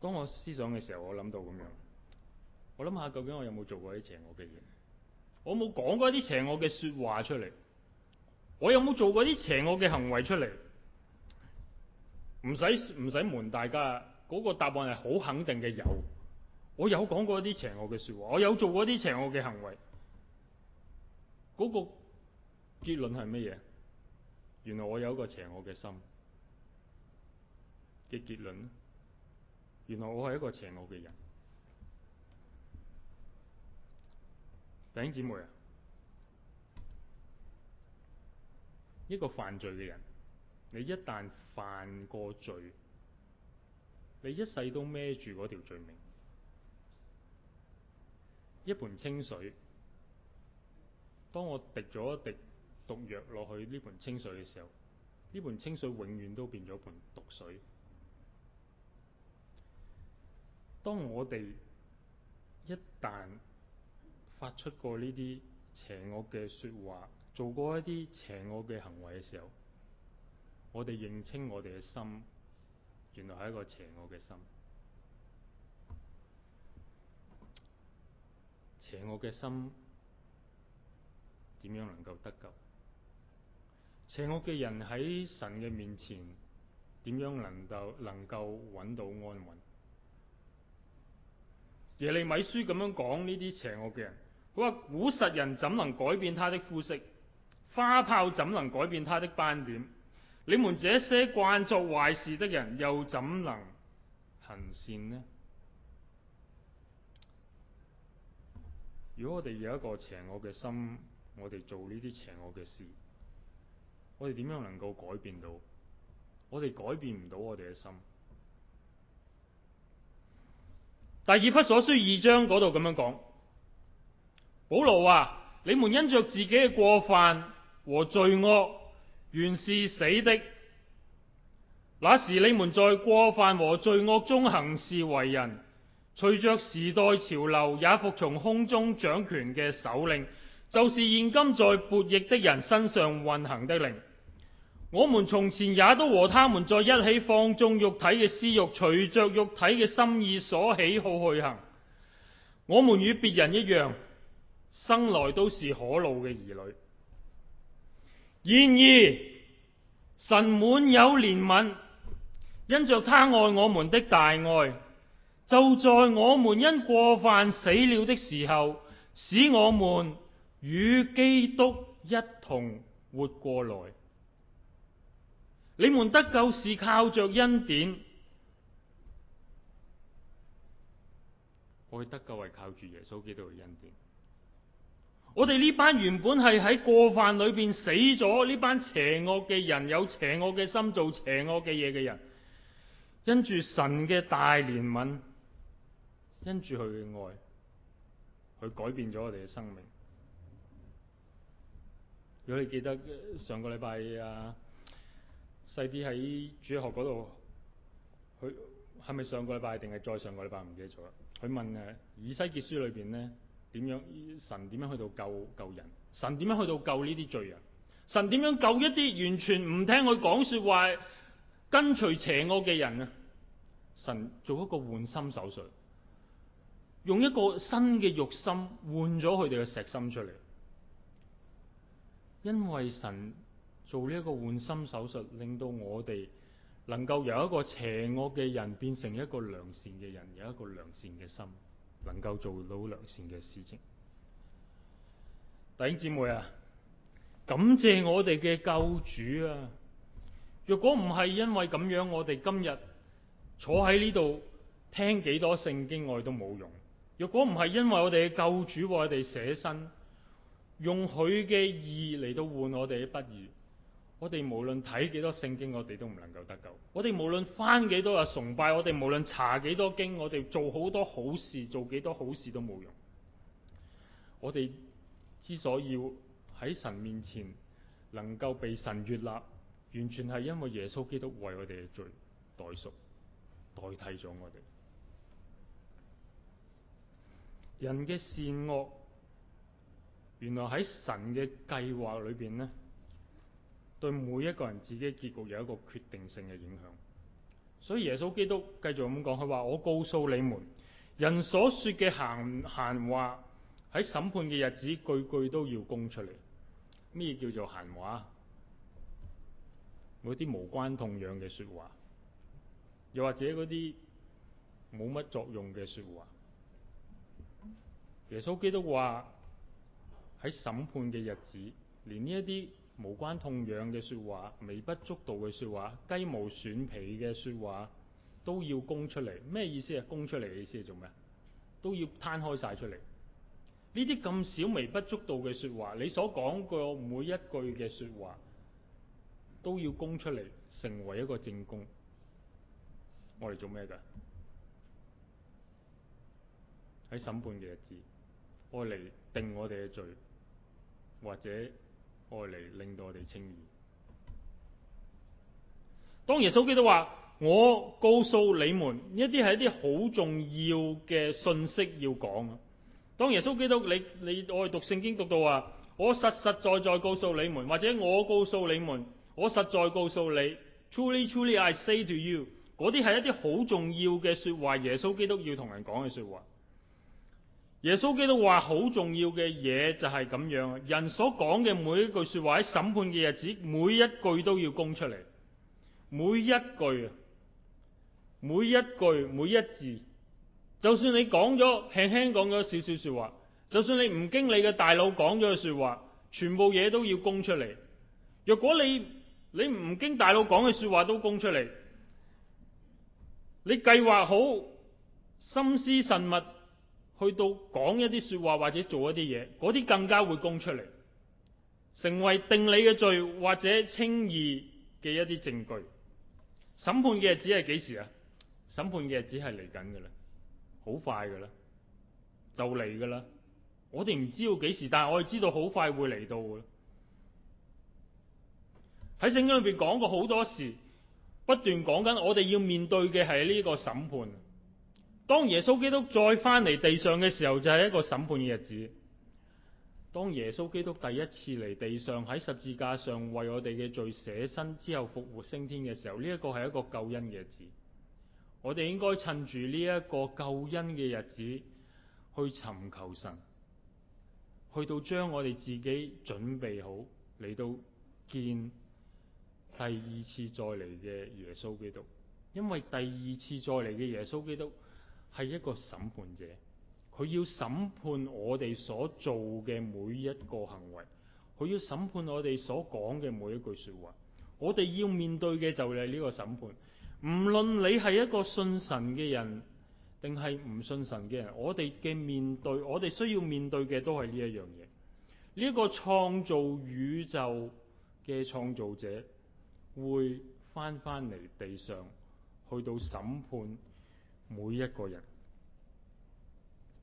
當我思想嘅時候，我諗到咁樣。我諗下究竟我有冇做過啲邪惡嘅嘢？我冇講過一啲邪惡嘅說話出嚟。我有冇做過啲邪惡嘅行為出嚟？唔使，唔使瞞大家，嗰個答案係好肯定嘅，有。我有講過一啲邪惡嘅說話，我有做過一啲邪惡嘅行為，嗰個結論係乜嘢？原來我有一個邪惡嘅心嘅結論。原來我係一個邪惡嘅人。弟兄姊妹啊，一個犯罪嘅人，你一旦犯過罪，你一世都孭住嗰條罪名。一盆清水，當我滴咗一滴毒藥落去呢盆清水嘅時候，呢盆清水永遠都變咗盆毒水。當我哋一旦發出過呢啲邪惡嘅說話，做過一啲邪惡嘅行為嘅時候，我哋認清我哋嘅心，原來係一個邪惡嘅心。邪惡嘅心點樣能夠得救？邪惡嘅人喺神嘅面前點樣能就能夠揾到安穩？耶利米書咁樣講呢啲邪惡嘅人，佢話古實人怎能改變他的膚色？花豹怎能改變他的斑點？你們這些慣作壞事的人，又怎能行善呢？如果我哋有一個邪惡嘅心，我哋做呢啲邪惡嘅事，我哋點樣能夠改變到？我哋改變唔到我哋嘅心。以弗所書二章嗰度咁樣講，保羅話，啊，你們因着自己嘅過犯和罪惡，原是死的。那時你們在過犯和罪惡中行事為人。隨着時代潮流，也服從空中掌權嘅首領，就是現今在悖逆的人身上運行的靈。我們從前也都和他們在一起，放縱肉體嘅私欲，隨着肉體嘅心意所喜好去行。我們與別人一樣，生來都是可怒嘅兒女。然而，神滿有憐憫，因着他愛我們的大愛。就在我們因過犯死了的時候，使我們與基督一同活過來。你們得救是靠着恩典。我哋得救係靠住耶穌基督嘅恩典。我哋呢班原本係喺過犯裏邊死咗，呢班邪惡嘅人，有邪惡嘅心做邪惡嘅嘢嘅人，因住神嘅大憐憫，因住佢嘅愛，佢改變咗我哋嘅生命。如果你記得上個禮拜啊，細啲喺主學嗰度，佢係咪上個禮拜定係再上個禮拜唔記得咗啦？佢問誒，啊《以西結書裡面》裏邊咧點樣神點樣去到救救人？神點樣去到救呢啲罪人？神點樣救一啲完全唔聽佢講說話、跟隨邪惡嘅人啊？神做一個換心手術。用一個新嘅肉心換咗佢哋嘅石心出嚟，因為神做呢一個換心手術，令到我哋能夠由一個邪惡嘅人變成一個良善嘅人，有一個良善嘅心，能夠做到良善嘅事情。弟兄姊妹啊，感謝我哋嘅救主啊！若果唔係因為咁樣，我哋今日坐喺呢度聽幾多聖經，我都冇用。如果唔係因為我哋嘅救主為我哋捨身，用佢嘅義嚟到換我哋嘅不義，我哋無論睇幾多聖經，我哋都唔能夠得救；我哋無論翻幾多日崇拜，我哋無論查幾多經，我哋做好多好事，做幾多好事都冇用。我哋之所以喺神面前能夠被神悅納，完全係因為耶穌基督為我哋嘅罪代贖，代替咗我哋。人嘅善惡，原來喺神嘅計劃裏邊呢，對每一個人自己嘅結局有一個決定性嘅影響。所以耶穌基督繼續咁講，佢話：我告訴你們，人所說嘅閒閒話喺審判嘅日子，句句都要供出嚟。咩叫做閒話？嗰啲無關痛癢嘅說話，又或者嗰啲冇乜作用嘅說話。耶穌基督話喺審判嘅日子，連呢一啲無關痛癢嘅說話、微不足道嘅說話、雞毛蒜皮嘅說話，都要供出嚟。咩意思啊？供出嚟嘅意思係做咩？都要攤開晒出嚟。呢啲咁少、微不足道嘅說話，你所講過每一句嘅說話，都要供出嚟，成為一個證供。我哋做咩噶？喺審判嘅日子。愛嚟定我哋嘅罪，或者愛嚟令到我哋清潔。當耶穌基督話：我告訴你們，呢一啲係一啲好重要嘅信息要講啊。當耶穌基督，你你我係讀聖經讀到話，我實實在在告訴你們，或者我告訴你們，我實在告訴你 ，Truly, truly I say to you，嗰啲係一啲好重要嘅說話，耶穌基督要同人講嘅說話。耶穌基督話，好重要嘅嘢就係咁樣，人所講嘅每一句說話喺審判嘅日子，每一句都要供出嚟，每一句啊，每一句每一字，就算你講咗輕輕講咗少少說話，就算你唔經你嘅大腦講咗嘅說話，全部嘢都要供出嚟。若果你你唔經大腦講嘅說話都供出嚟，你計劃好、心思慎密。去到講一啲說話或者做一啲嘢，嗰啲更加會供出嚟，成為定你嘅罪或者輕易嘅一啲證據。審判嘅日子係幾時啊？審判嘅日子係嚟緊㗎喇，好快㗎喇，就嚟㗎喇。我哋唔知道幾時，但係我哋知道好快會嚟到嘅。喺聖經裏邊講過好多時，不斷講緊我哋要面對嘅係呢個審判。當耶穌基督再返嚟地上嘅時候，就係一個審判嘅日子；當耶穌基督第一次嚟地上喺十字架上為我哋嘅罪捨身之後復活升天嘅時候，呢一個係一個救恩嘅日子。我哋應該趁住呢一個救恩嘅日子去尋求神，去到將我哋自己準備好嚟到見第二次再嚟嘅耶穌基督，因為第二次再嚟嘅耶穌基督，係一個審判者，佢要審判我哋所做嘅每一個行為，佢要審判我哋所講嘅每一句說話。我哋要面對嘅就係呢個審判。唔論你係一個信神嘅人，定係唔信神嘅人，我哋嘅面對，我哋需要面對嘅都係呢一樣嘢。呢個創造宇宙嘅創造者會翻返嚟地上，去到審判。每一個人，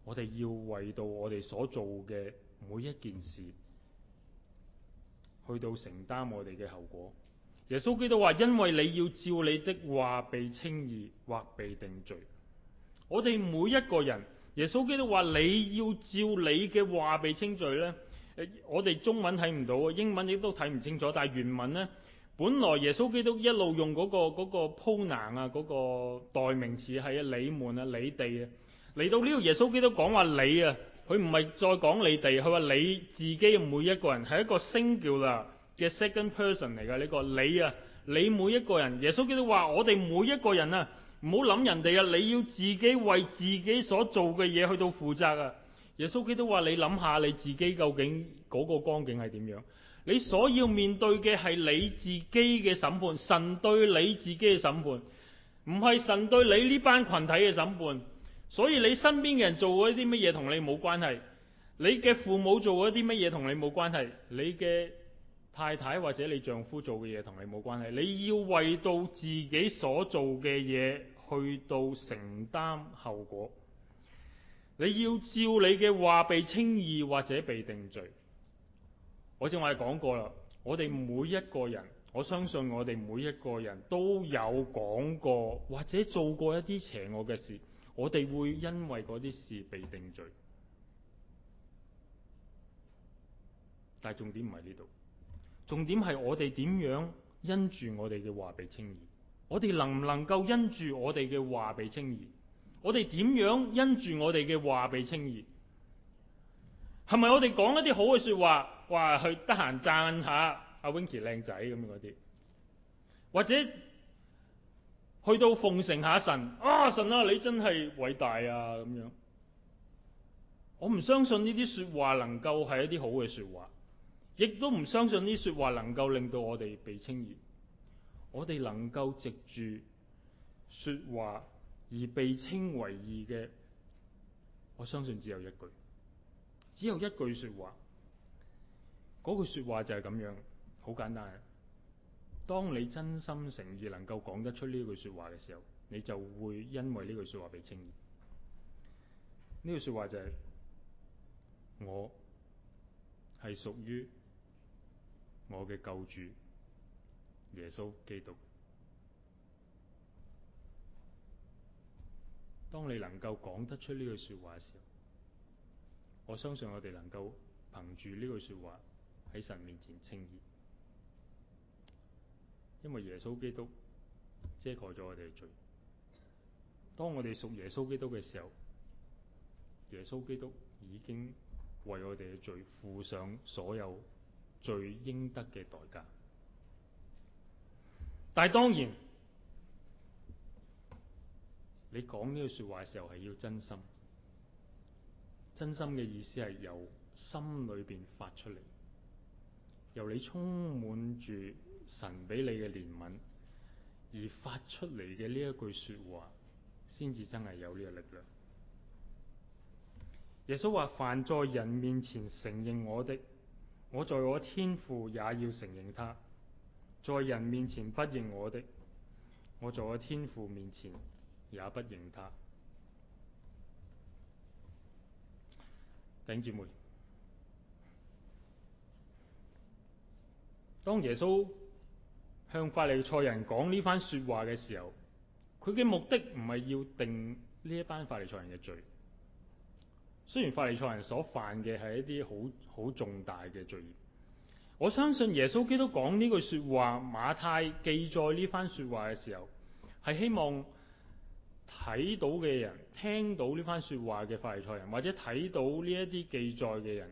我哋要為到我哋所做嘅每一件事，去到承擔我哋嘅後果。耶穌基督話：因為你要照你的話被稱義或被定罪。我哋每一個人，耶穌基督話：「你要照你嘅話被稱罪呢。」我哋中文睇唔到，英文亦都睇唔清楚，但係原文呢。本來耶穌基督一路用嗰、那個嗰、那個 plural 啊，嗰、那個代名詞係你們啊，你哋啊，嚟到呢度耶穌基督講話你啊，佢唔係再講你哋，佢話你自己每一個人係一個 singular 嘅 second person 你所要面對嘅係你自己嘅審判，神對你自己嘅審判，唔係神對你呢班群體嘅審判。所以你身邊嘅人做咗啲乜嘢同你冇關係，你嘅父母做咗啲乜嘢同你冇關係，你嘅太太或者你丈夫做嘅嘢同你冇關係。你要為到自己所做嘅嘢去到承擔後果，你要照你嘅話被稱義或者被定罪。我之前我哋講過啦，我哋每一個人，我相信我哋每一個人都有講過或者做過一啲邪惡嘅事，我哋會因為嗰啲事被定罪。但係重點唔係呢度，重點係我哋點樣因住我哋嘅話被稱義。我哋能唔能夠因住我哋嘅話被稱義？我哋點樣因住我哋嘅話被稱義？係咪我哋講一啲好嘅說話，話去得閒讚下阿 Winky 靚仔咁嗰啲，或者去到奉承下神啊，神啊你真係偉大啊咁樣，我唔相信呢啲說話能夠係一啲好嘅說話，亦都唔相信呢啲說話能夠令到我哋被稱義，我哋能夠藉住說話而被稱為義嘅，我相信只有一句。只有一句說話，嗰句說話就係咁樣，好簡單嘅。當你真心誠意能夠講得出呢句說話嘅時候，你就會因為呢句說話被稱義。呢句說話就係、是、我係屬於我嘅救主耶穌基督。當你能夠講得出呢句說話嘅時候，我相信我哋能夠憑住呢句說話喺神面前稱義，因為耶穌基督遮蓋咗我哋嘅罪。當我哋屬耶穌基督嘅時候，耶穌基督已經為我哋嘅罪付上所有罪應得嘅代價。但係當然，你講呢句說話嘅時候係要真心。真心嘅意思係由心裏邊發出嚟，由你充滿住神畀你嘅憐憫而發出嚟嘅呢一句説話，先至真係有呢個力量。耶穌話：凡在人面前承認我的，我在我天父也要承認他；在人面前不認我的，我在我天父面前也不認他。弟兄姊妹，當耶穌向法利賽人講呢番說話嘅時候，佢嘅目的唔係要定呢一班法利賽人嘅罪。雖然法利賽人所犯嘅係一啲好好重大嘅罪，我相信耶穌基督講呢句說話，馬太記載呢番說話嘅時候，係希望。睇到嘅人，聽到呢番説話嘅法利賽人，或者睇到呢一啲記載嘅人，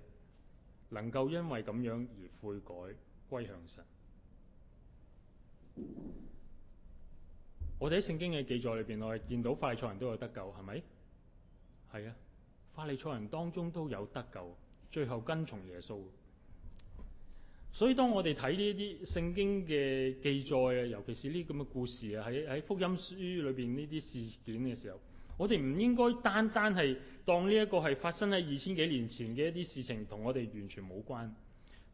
能夠因為咁樣而悔改歸向神。我哋喺聖經嘅記載裏邊，我哋見到法利賽人都有得救，係咪？係啊，法利賽人當中都有得救，最後跟從耶穌。所以，當我哋睇呢啲聖經嘅記載啊，尤其是呢咁嘅故事啊，喺喺福音書裏邊呢啲事件嘅時候，我哋唔應該單單係當呢一個係發生喺二千幾年前嘅一啲事情，同我哋完全冇關。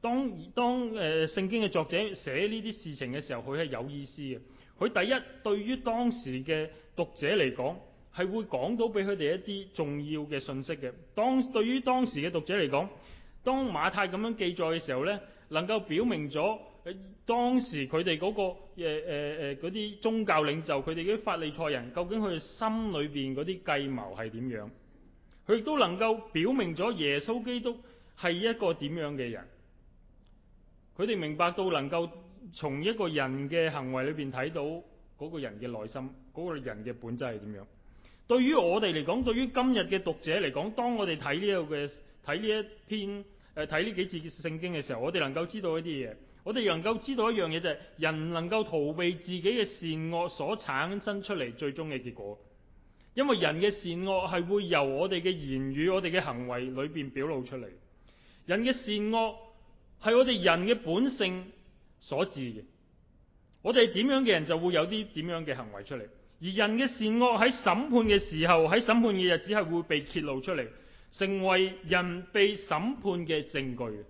當當誒，聖經嘅作者寫呢啲事情嘅時候，佢係有意思嘅。佢第一，對於當時嘅讀者嚟講，係會講到俾佢哋一啲重要嘅信息嘅。當對於當時嘅讀者嚟講，當馬太咁樣記載嘅時候呢。能夠表明咗，呃、當時佢哋嗰個誒誒誒嗰啲宗教領袖，佢哋嗰啲法利賽人，究竟佢哋心裏邊嗰啲計謀係點樣？佢亦都能夠表明咗耶穌基督係一個點樣嘅人。佢哋明白到能夠從一個人嘅行為裏邊睇到嗰個人嘅內心，嗰，嗰個人嘅本質係點樣。對於我哋嚟講，對於今日嘅讀者嚟講，當我哋睇呢個嘅睇呢一篇。係睇呢幾節聖經嘅時候，我哋能，能夠知道一啲嘢，我哋能夠知道一樣嘢就係、是、人能夠逃避自己嘅善惡所產生出嚟，最終嘅結果，因為人嘅善惡係會由我哋嘅言語、我哋嘅行為裏邊表露出嚟。人嘅善惡係我哋人嘅本性所致嘅，我哋點樣嘅人就會有啲點樣嘅行為出嚟，而人嘅善惡喺審判嘅時候，喺審判嘅日子係會被揭露出嚟。成為人被審判嘅證據。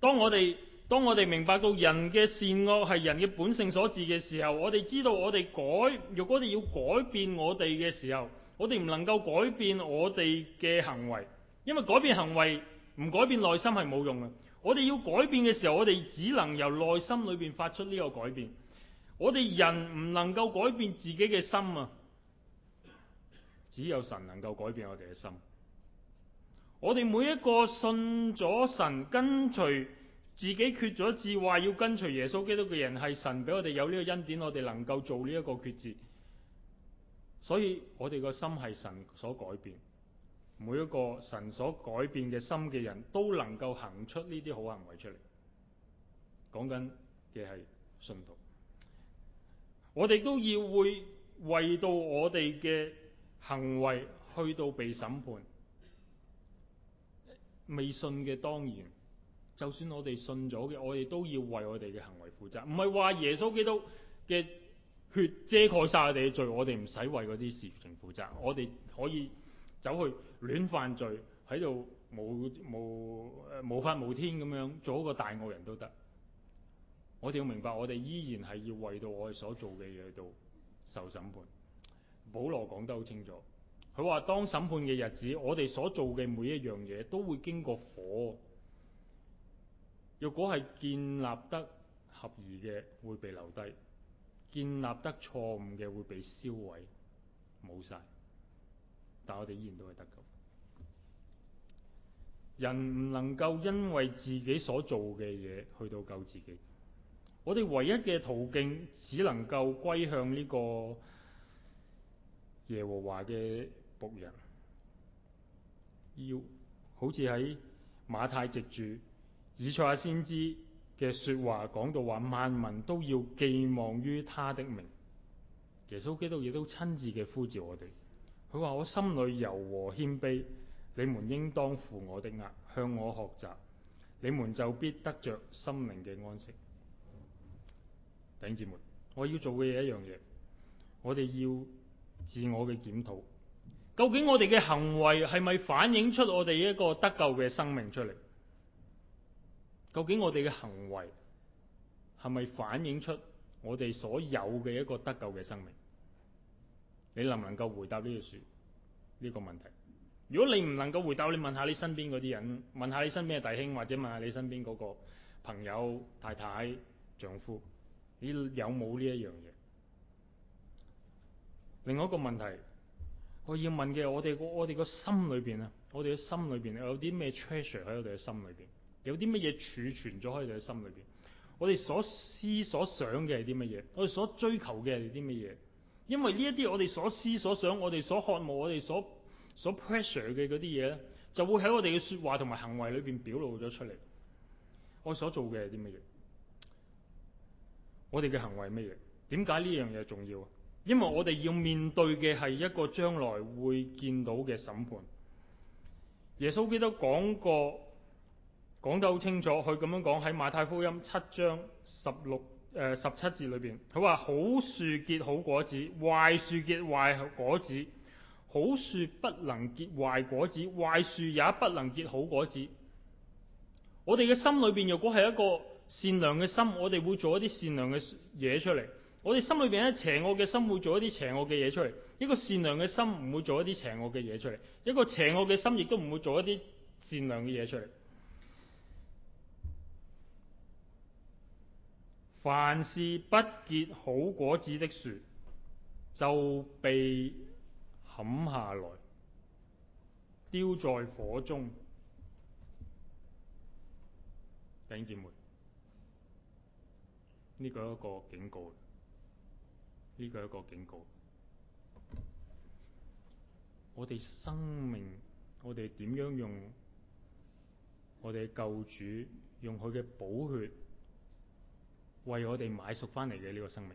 當我哋當我哋明白到人嘅善惡係人嘅本性所致嘅時候，我哋知道我哋改，若果我哋要改變我哋嘅時候，我哋唔能夠改變我哋嘅行為，因為改變行為唔改變內心係冇用嘅。我哋要改變嘅時候，我哋只能由內心裏邊發出呢個改變。我哋人唔能夠改變自己嘅心啊！只有神能夠改變我哋嘅心。我哋每一個信咗神、跟隨自己決咗志話要跟隨耶穌基督嘅人，係神俾我哋有呢個恩典，我哋能夠做呢一個抉擇。所以，我哋個心係神所改變。每一個神所改變嘅心嘅人都能夠行出呢啲好行為出嚟。講緊嘅係信徒。我哋都要會為到我哋嘅。行為去到被審判，未信嘅當然，就算我哋信咗嘅，我哋都要為我哋嘅行為負責。唔係話耶穌基督嘅血遮蓋晒我哋嘅罪，我哋唔使為嗰啲事情負責。我哋可以走去亂犯罪，喺度冇冇無法無天咁樣做一個大惡人都得。我哋要明白，我哋依然係要為到我哋所做嘅嘢去到受審判。保羅講得好清楚，佢話當審判嘅日子，我哋所做嘅每一樣嘢都會經過火。若果係建立得合宜嘅會被留低，建立得錯誤嘅會被燒毀，冇晒。但我哋依然都係得救。人唔能夠因為自己所做嘅嘢去到救自己，我哋唯一嘅途徑只能夠歸向呢個。耶和華嘅僕人要好似喺馬太藉住以賽亞先知嘅說話講到話，萬民都要寄望於他的名。耶穌基督亦都親自嘅呼召我哋，佢話：我心裏柔和謙卑，你們應當負我的軛，向我學習，你們就必得着心靈嘅安息。 弟兄姊妹，我要做嘅嘢一樣嘢，我哋要。自我嘅檢討，究竟我哋嘅行為係咪反映出我哋一個得救嘅生命出嚟？究竟我哋嘅行為係咪反映出我哋所有嘅一個得救嘅生命？你能唔能夠回答呢句説話呢個問題？如果你唔能夠回答，你問下你身邊啲人，問下你身邊嘅弟兄，或者問下你身邊個朋友，太太、丈夫，你有冇呢一樣嘢？另外一個問題，我要問嘅，我哋我哋個心裏邊啊，我哋嘅心裏邊有啲咩 treasure 喺我哋嘅心裏邊，有啲乜嘢儲存咗喺我哋嘅心裏邊？我哋所思所想嘅係啲乜嘢？我哋所追求嘅係啲乜嘢？因為呢一啲我哋所思所想，我哋所渴望，我哋所所 pressure 嘅嗰啲嘢咧，就會喺我哋嘅說話同埋行為裏邊表露咗出嚟。我所做嘅係啲乜嘢？我哋嘅行為係乜嘢？點解呢樣嘢重要啊？因為我哋要面對嘅係一個將來會見到嘅審判。耶穌基督講過，講得好清楚，佢咁樣講喺馬太福音七章十六誒、呃、十七節裏邊，佢話：好樹結好果子，壞樹結壞果子；好樹不能結壞果子，壞樹也不能結好果子。我哋嘅心裏邊，如果係一個善良嘅心，我哋會做一啲善良嘅嘢出嚟。我哋心裏邊咧，邪惡嘅心會做一啲邪惡嘅嘢出嚟，一個善良嘅心唔會做一啲邪惡嘅嘢出嚟，一個邪惡嘅心亦都唔會做一啲善良嘅嘢出嚟。凡是不結好果子的樹，就被砍下來，丟在火中。弟兄姊妹，呢、這個一個警告。呢個係一個警告。我哋生命，我哋點樣用我哋救主用佢嘅寶血為我哋買贖翻嚟嘅呢個生命？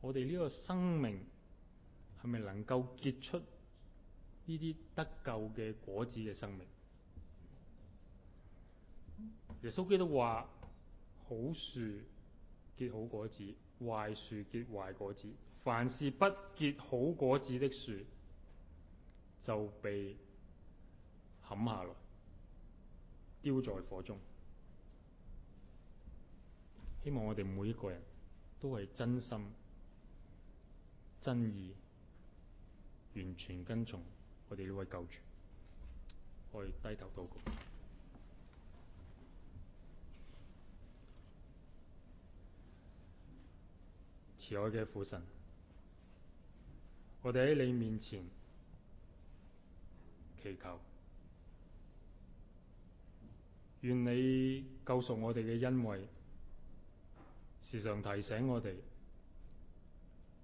我哋呢個生命係咪能夠結出呢啲得救嘅果子嘅生命？耶穌基督話：好樹。結好果子，壞樹結壞果子。凡是不結好果子的樹，就被砍下來，丟在火中。希望我哋每一個人，都係真心、真意，完全跟從我哋呢位救主，我哋低頭禱告。慈愛嘅父神，我哋喺你面前祈求，願你救贖我哋嘅恩惠，時常提醒我哋，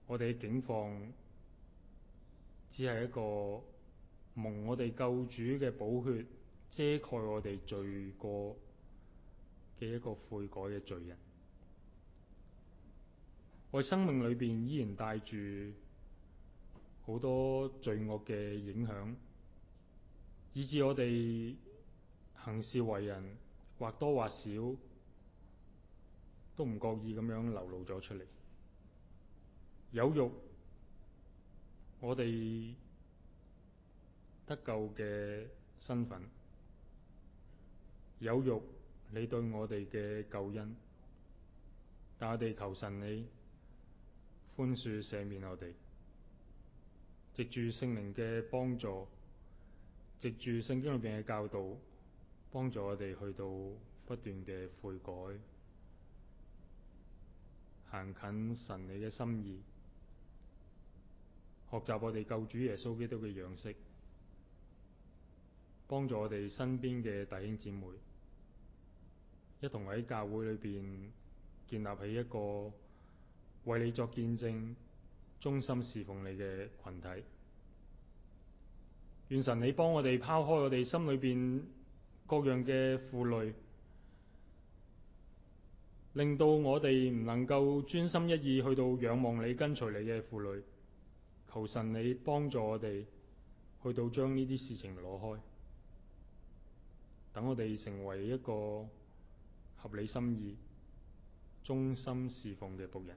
我哋嘅境況只係一個蒙我哋救主嘅寶血遮蓋我哋罪過嘅一個悔改嘅罪人。我生命裏面依然帶住好多罪惡嘅影響，以致我哋行事為人或多或少都唔覺意咁樣流露咗出嚟。有辱我哋得救嘅身份；有辱你對我哋嘅救恩。但係我哋求神你。寬恕赦免我哋，藉住聖靈嘅幫助，藉住聖經裏邊嘅教導，幫助我哋去到不斷嘅悔改，行近神你嘅心意，學習我哋救主耶穌基督嘅樣式，幫助我哋身邊嘅弟兄姊妹，一同喺教會裏邊建立起一個為你作見證、忠心侍奉你嘅群體，願神你幫我哋拋開我哋心裏邊各樣嘅負累，令到我哋唔能夠專心一意去到仰望你、跟隨你嘅負累。求神你幫助我哋去到將呢啲事情攞開，等我哋成為一個合你心意、忠心侍奉嘅僕人。